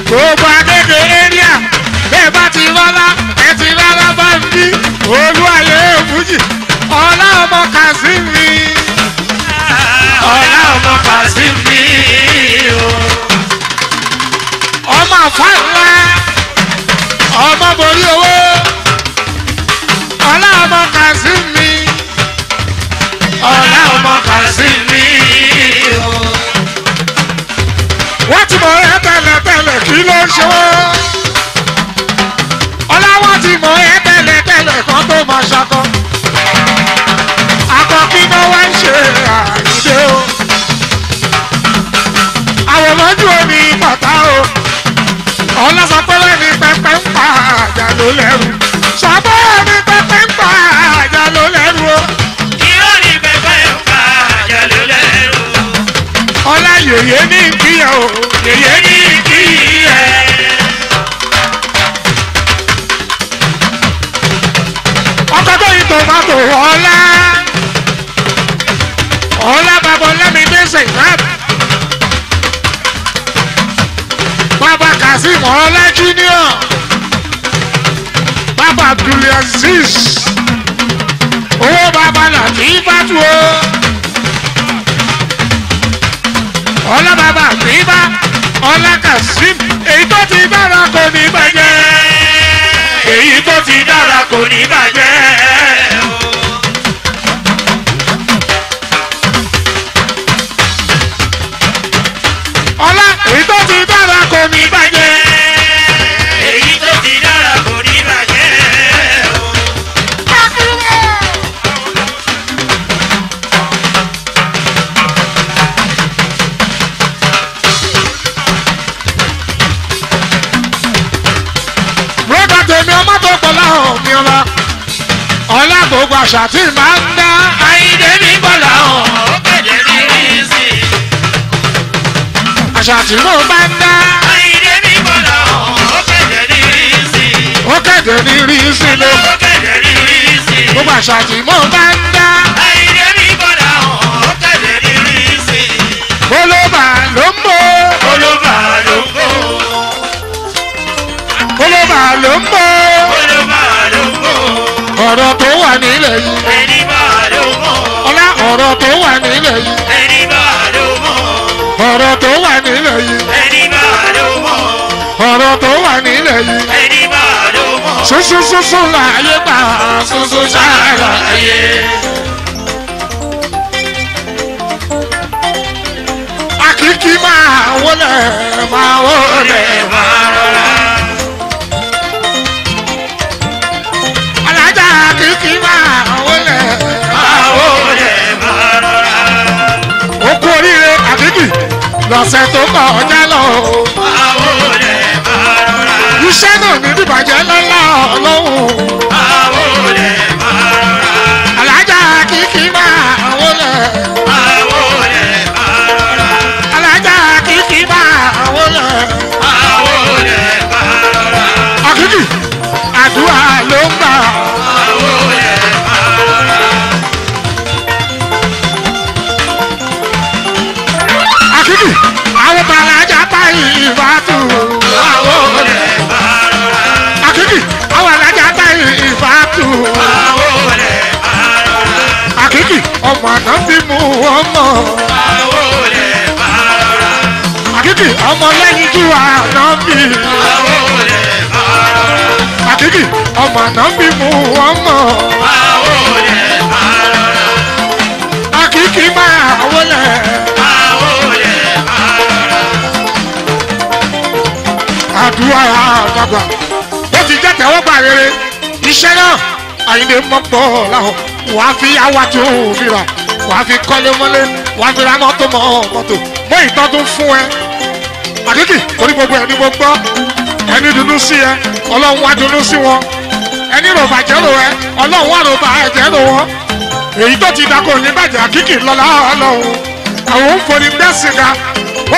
gbogbo agbègbè area bẹ́ẹ̀ bá ti rọ́lá ẹ ti rọ́lá bá ń bí olúwalé òbújì ọlá ọmọ kàn sí mi. ọlá ọmọ kàn sí mi o. ọmọ àfa ńlá ọmọ borí owó ọlá ọmọ Kazeem mi ọlá ọmọ Kazeem mi o. wọ́n ti mọ̀ ẹ́ tẹ́lẹ̀tẹ́lẹ̀ kí ló ń ṣe wọ́n. ọlá ti mọ̀ ẹ́ tẹ́lẹ̀tẹ́lẹ̀ kan tó máa ṣakọ. lẹ́rù ṣàbọ̀. owó bàbá làbí bá tu o ọlá bàbá àbí bá ọlá Kasim èyí tó ti dára kò ní bàjẹ́ èyí tó ti dára kò ní bàjẹ́. àṣà tí màá ń dá àyídé mi bọ̀lá ọ̀ kéde mi rí sí i. àṣà tí mo bá ń dá àyídé mi bọ̀lá ọ̀ kéde mi rí bá ń dá. nílẹ̀ yìí. ẹni bá ló mọ̀. ọlá ọ̀rọ̀ tó wà nílẹ̀ yìí. ẹni bá ló mọ̀. ọ̀rọ̀ tó wà nílẹ̀ yìí. ẹni bá ló mọ̀. ọ̀rọ̀ tó wà nílẹ̀ yìí. ẹni bá ló mọ̀. ṣoṣoṣoṣo láàyè gbà ṣoṣo ṣáàlà lọ́sẹ̀ tó kọjá lọ. àwọn olè bá rọra. iṣẹ́ náà ní bíbàjẹ́ lọ́la ọlọ́run. pàtó ti mú ọmọ. àwọn olè bá rọra. àkìkì ọmọ lẹ́yìn jù àná mi. àwọn olè bá rọra. àkìkì ọmọ àná mi mú ọmọ. àwọn olè bá rọra. àkìkì máa wọlé. àwọn olè bá àdúrà àgbàgbà ó ti jẹ́ tẹ̀wọ́gbà rere iṣẹ́ náà àyíndé mọ́pọ̀ làwọn wà á fi awájú òfìrà wà á fi kọ́lé mọ́lé wà á fi ra mọ́tò mọ́ mọ́tò mọ́ ìtọ́ tó fún ẹ àdékì orí gbogbo ẹni mo gbọ́ ẹni dùnnú sí ẹ ọlọ́run wá dùnnú sí wọn ẹni rò bàjẹ́ rò ẹ ọlọ́run wà rò bàjẹ́ rò wọn èyí tó ti dako ní bàjẹ́ àkíkì lọ́la ọlọ́run àwọn ń forí dẹ́sìn ga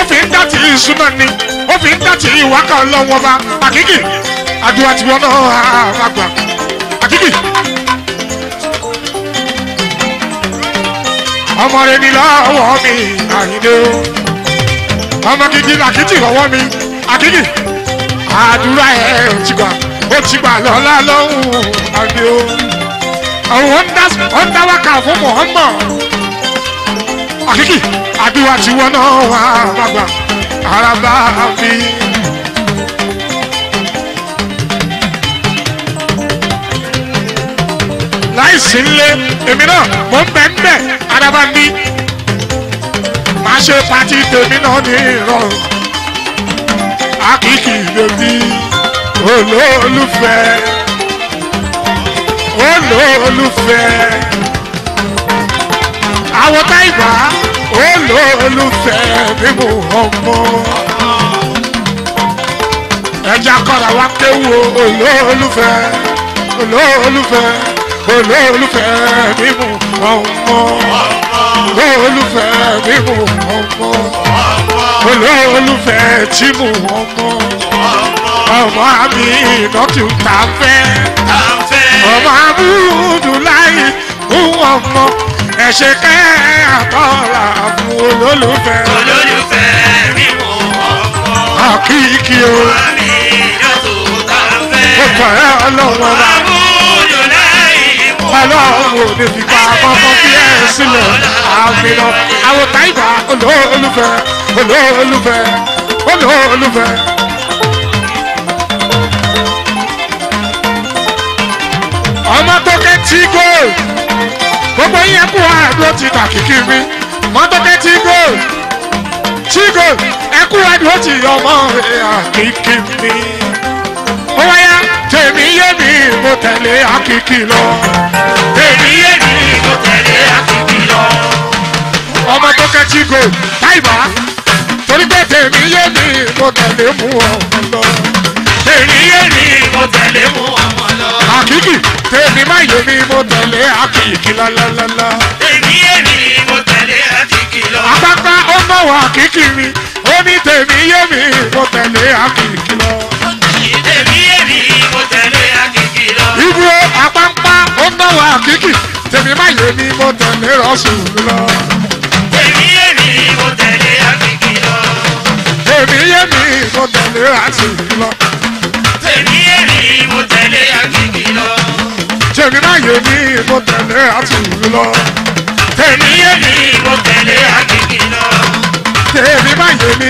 ó fi ń dàtí ìṣúná ni ó fi ń dàtí ìwákà ọlọ́run ọba àkíkì àdúrà tiwọn náà àgbà. Bobby. ọmọ rẹ ni lọ́wọ́ mi àyíndé o ọmọ gidi làkìtì lọ́wọ́ mi àkìtì àdúrà ẹ̀ ò ti gbà ó ti gbà lọ́lá lọ́hùn àyíndé o àwọn ọ̀ndàwákà fún Muhammad àkìtì àbíwá ti wọ́n náà wà bàgbà àràbà àfi. láìsí ńlé èmi náà mò ń bẹ ńbẹ adabandi máa ṣe pati tèmi náà ní ìrọ̀rùn akíkì lèmi olólùfẹ́ olólùfẹ́ àwọn táìbà olólùfẹ́ mímú ọmọ ẹja kọ́ra wá kéwu olólùfẹ́ olólùfẹ́ olè olùfẹ́ mi mú ọmọ olè olùfẹ́ mi mú ọmọ olè olùfẹ́ tí mú ọmọ ọmọ mi ìdọ́tún ta fẹ́ ọmọ abúlùdù láyé fún ọmọ ẹ̀ṣẹ̀ kẹ́ àtọ́là fún olólùfẹ́ olólùfẹ́ mi ọmọ àkíkí o ọmọ mi ìdọ́tún ta fẹ́ ọmọ ọlọ́wọ́ bá mú ọlọ́run ò lè fi pa àkọ́kọ́ fi ẹ̀ sílẹ̀ àmìnà àwọn táìbà olóòlùfẹ́ olóòlùfẹ́ olóòlùfẹ́. ọmọ tó ké tí góòlù gbogbo yẹn kú àdó ti tàkìkì mi ọmọ tó ké tí góòlù tí góòlù ẹkú àdó ti ọmọ rẹ àkìkì mi. ó wáyà tèmi yé mi mo tẹ̀lé akíkí lọ. tèmi yé mi mo tẹ̀lé akíkí lọ. ọmọ tó kẹ́tí go táìbà torí pé tèmi yé mi mo tẹ̀lé mú ọmọ lọ. tèmi yé mi mo tẹ̀lé mú ọmọ lọ. akíkí tèmi má yé mi mo tẹ̀lé akíkí lálálálá. tèmi yé mi mo tẹ̀lé akíkí lọ. apápá ó mọ̀ wá akíkí mi ó ní tèmi yé mi mo tẹ̀lé akíkí lọ ibu apapa ó náwó àkìkì tèmi má yé ni mo tẹ̀lé rọ́ọ̀sù lọ. tèmi yé mi mo tẹ̀lé àkìkì lọ. tèmi yé mi mo tẹ̀lé rọ́ọ̀sù lọ. tèmi yé mi mo tẹ̀lé àkìkì lọ. tèmi má yé ni mo tẹ̀lé rọ́ọ̀sù lọ. tèmi yé mi mo tẹ̀lé àkìkì lọ. tèmi má yé mi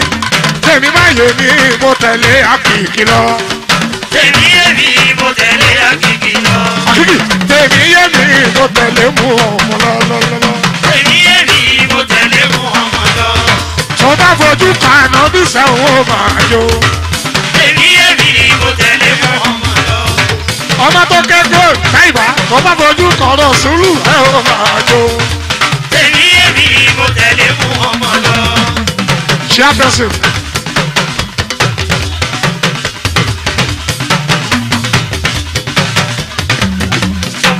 tèmi má yé mi mo tẹ̀lé àkìkì lọ tèmi yémi mo tẹ̀lé akíkì lọ. akíkì tèmi yémi mo tẹ̀lé mu ọmọ lọ lọ lọ. tèmi yémi mo tẹ̀lé mu ọmọ lọ. sọba fojú kaná bí sẹ́wọ̀n máa yọ. tèmi yémi mo tẹ̀lé mu ọmọ lọ. ọmọ tó kẹ́kọ̀ọ́ táìbà sọba fojú kaná sùúrù ẹ̀ ò máa yọ. tèmi yémi mo tẹ̀lé mu ọmọ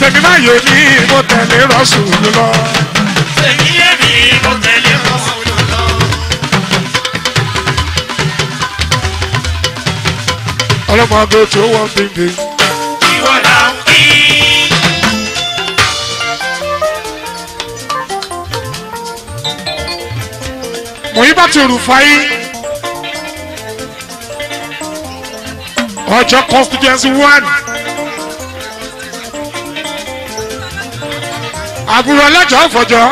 tèmi má yé mi mo tẹ̀lé rọ́ṣùlù lọ. tèmi yé mi mo tẹ̀lé rọ́ṣùlù lọ. ọlọ́mọ ago tí ó wọ́n fi ń gbé. ìwọ là ń kí. Muyibá ti Rufai ọjọ́ constituency one. àgùrọ̀ alájọ́ fọjọ́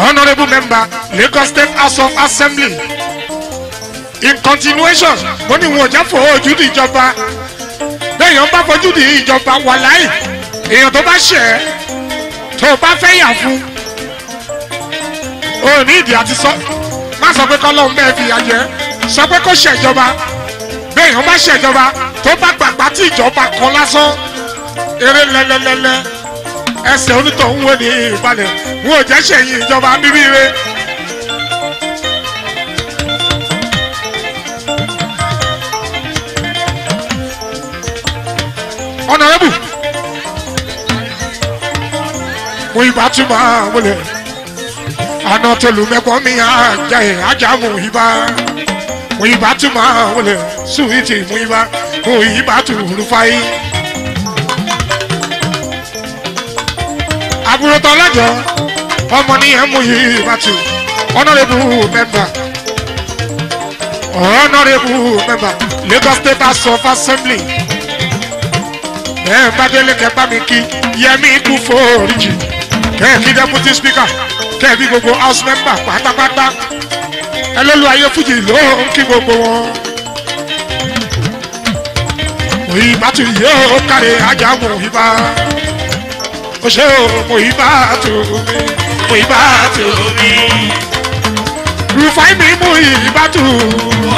honourable member Lagos State House of Assembly in continuation mo ní wọn ò já fọwọ́ ojú di ìjọba bẹ́ẹ̀ yẹn bá fojú di ìjọba wàláì èèyàn tó bá ṣẹ̀ ẹ́ tó bá fẹ́ yà fún o ní ìdí àti sọ má sọ pé kọ́lọ́hún bẹ́ẹ̀ fi àjẹ́ sọ pé kó ṣèjọba bẹ́ẹ̀ yẹn bá ṣèjọba tó bá gbàgbá tí ìjọba kan lásán eré lẹ́lẹ́lẹ́lẹ́ ẹsẹ̀ onítọ̀hún wẹ̀ ní ìbalẹ̀ wọn ò jẹ́ sẹ́yìn ìjọba bíbíire. ọ̀nàrẹ́bù mo ìbá tún máa wọlé àná tẹlu mẹ́kọ́ mi àjà ẹ̀ àjà mo ìbá mo ìbá tún máa wọlé sùwìtì mo ìbá mo ìbá tún rúfáì. ọ̀tọ̀ alága ọmọ ní ẹ̀múyí matthew honourable member honourable member Lagos State House of Assembly bẹ́ẹ̀ bá délé kẹpá mi kí Yẹmí ikú fòríjì kẹ́ẹ̀kí deputy speaker kẹ́ẹ̀bí gbogbo house member pátápátá ẹlẹ́lu ayé fújì ló ń kí gbogbo wọn. òyìnbá tún yóò kárẹ̀ ajá mọ̀ òyìnbá to to me, me. You o ṣe o Muhibatu mi Muhibatu mi. Rufai I don't look mi.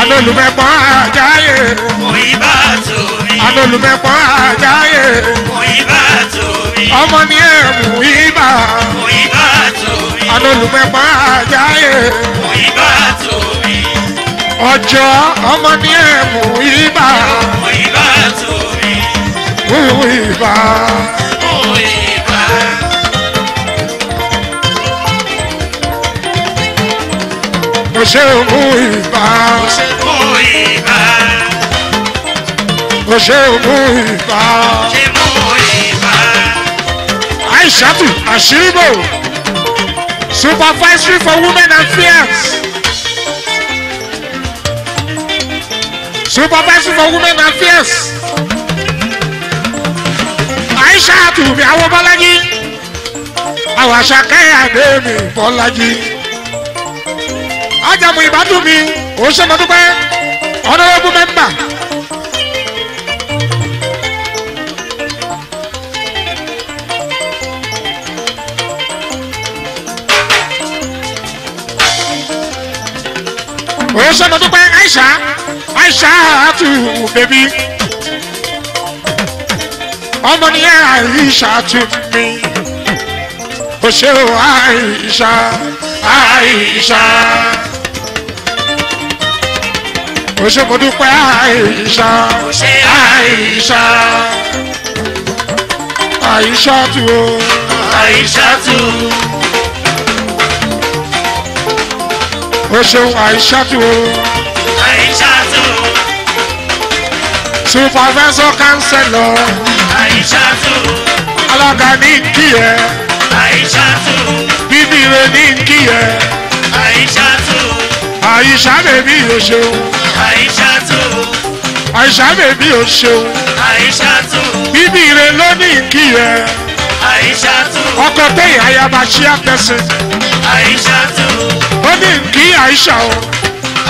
Alólùmẹ̀pọ̀n àjáyé Muhibatu mi. Alólùmẹ̀pọ̀n àjáyé Muhibatu mi. Ọmọ ni ẹ̀ Muhibatu Muhibatu mi. Alólùmẹ̀pọ̀n àjáyé Muhibatu mi. Ọjọ́ ọmọ ni ẹ̀ Muhibatu Muhibatu mi. Uíba Uíba Oxê Uíba Oxê Uíba Oxê Uíba Oxê Uíba Ai chato, o Suba faz viva uma na o Suba faz viva uma na fiesta ṣáàtùmí àwọn bọ́lájí àwọn àṣàkáyà àdéhùnmí bọ́lájí ajamu ìbádùn mi ò ṣe mọ́ dúpẹ́ honorable member. ò ṣe mọ́ dúpẹ́ Aisha Aisha tù bèbí ọmọ ní àìṣà tún mi ó ṣe o àìṣà àìṣà ó ṣe mo dúpẹ́ àìṣà àìṣà àìṣà tún o àìṣà tún. ó ṣeun àìṣà tún o. supervisor councilor. Aishatu. Alága ní kí Aisha Aishatu. Bíbíire ní kí Aisha Aishatu. aisha bèbí yóò Aisha Aishatu. aisha bèbí yóò Aisha Aishatu. Bíbíire ló ni kí Aisha Aishatu. Ọkọ tẹ̀yìn ayaba ṣí Aisha Aishatu. Ó ní kí Aisha o.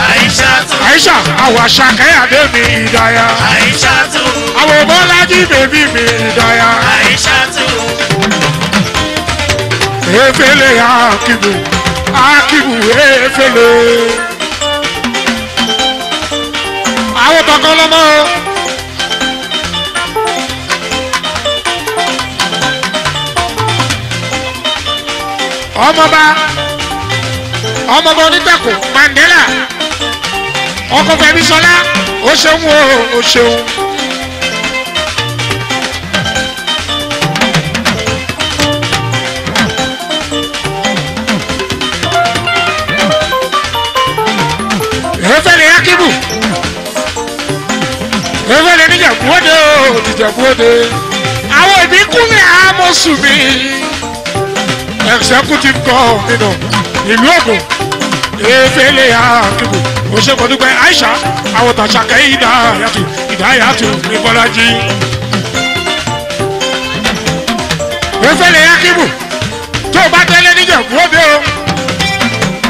Aisha àwọn Ṣàkẹ́ àdé mi idaya. Aisha tó. àwọn Bọ́lájí bèbí mi ìdáyà. Aisha efele akibu akibu efele. àwọn kankan lọ́mọ́ o. ọmọba ọmọba onítẹ̀kùn Mandela ọkọ Fẹ́mi Ṣọlá ó ṣeun o ó ṣeun. efele yakibu efele níjàgbọ́dẹ o níjàgbọ́dẹ àwọn ìbíkúnlẹ̀ amọ̀sùnmí executive governor ìlú Ògùn efele akibu oṣekodugbẹ aisha awotashaka idayatu idayatu nibọlaji. efele akibu tó o bá tẹ́lẹ̀ níjẹ̀ kúrò bí o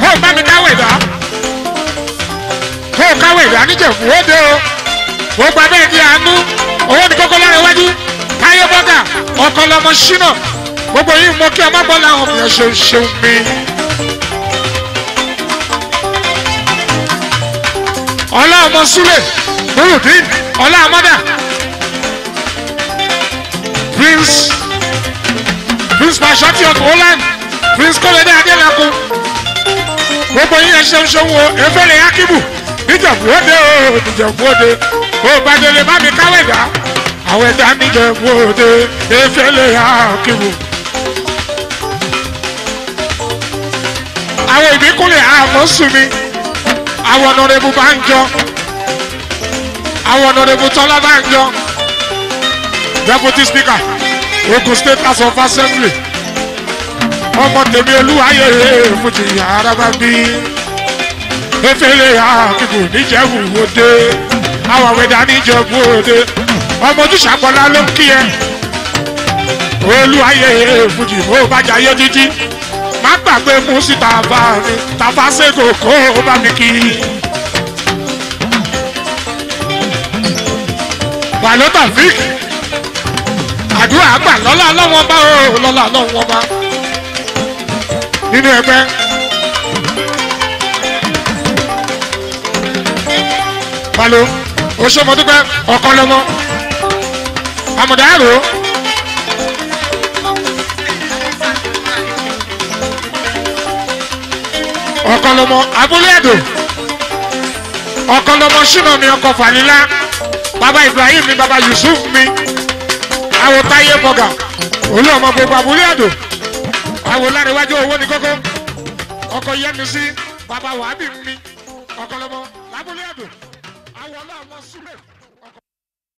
kó o bá mi káwé dá kó o káwé dá níjẹ̀ kúrò bí o ó gba bẹ́ẹ̀ di àánú owó ní kókó lára iwájú táyé bọ́gà ọkọ̀ lọmọ ṣínà gbogbo yìí mọ kí ọmọ bọ́lá ọmọ yẹn ṣe ṣeun mi. ọlá ọmọ súlẹ̀ burudin ọlá amada prince prince pashati of holland prince kọ́lẹ́dẹ́ adélakun gbogbo yín ẹ ṣeun ṣeun o efele akibu níjọ̀gbọ́dé o níjọ̀gbọ́dé o gbàdélé bá mi káwẹ̀dá àwọn ẹ̀dá níjọ̀gbọ́dé efele akibu. àwọn ìbíkúnlẹ̀ àmọ́sùn mi àwọn ọ̀nàdẹ́bù Bánjọ àwọn ọ̀nàdẹ́bù Tọ́lá Bánjọ deputy speaker Ogun state house of assembly ọmọ tèmi olúwayé fújì yàrá bá bí efele àkìkù níjẹ̀bù òde àwọn àwẹ̀dá níjẹ̀bù òde ọmọ ojúṣe àgbọ̀lá ló ń kí ẹ olúwayé fújì ó bàjẹ́ ayé títí gbàgbé mú sí tàbá mi tàbá ṣègò kó o bá mi kí. wàló tàfíìk àdúrà gbà lọ́la lọ́wọ́n bá o lọ́la lọ́wọ́n bá nínú ẹgbẹ́. wàló oṣù mọ́tò pẹ́ ọ̀kan lọ́mọ àmọ̀dá rò ọkọ lọmọ abúlé ẹdùn ọkọ ṣúná mi ọkọ fàlílà bàbá Ibrahim mi bàbá Yusuf mi Awo táyé bọgà olú ọmọ gbogbo abúlé ẹdùn àwọn olárẹwájú owó ni kókó ọkọ yẹnu sí bàbá wàhábì mi.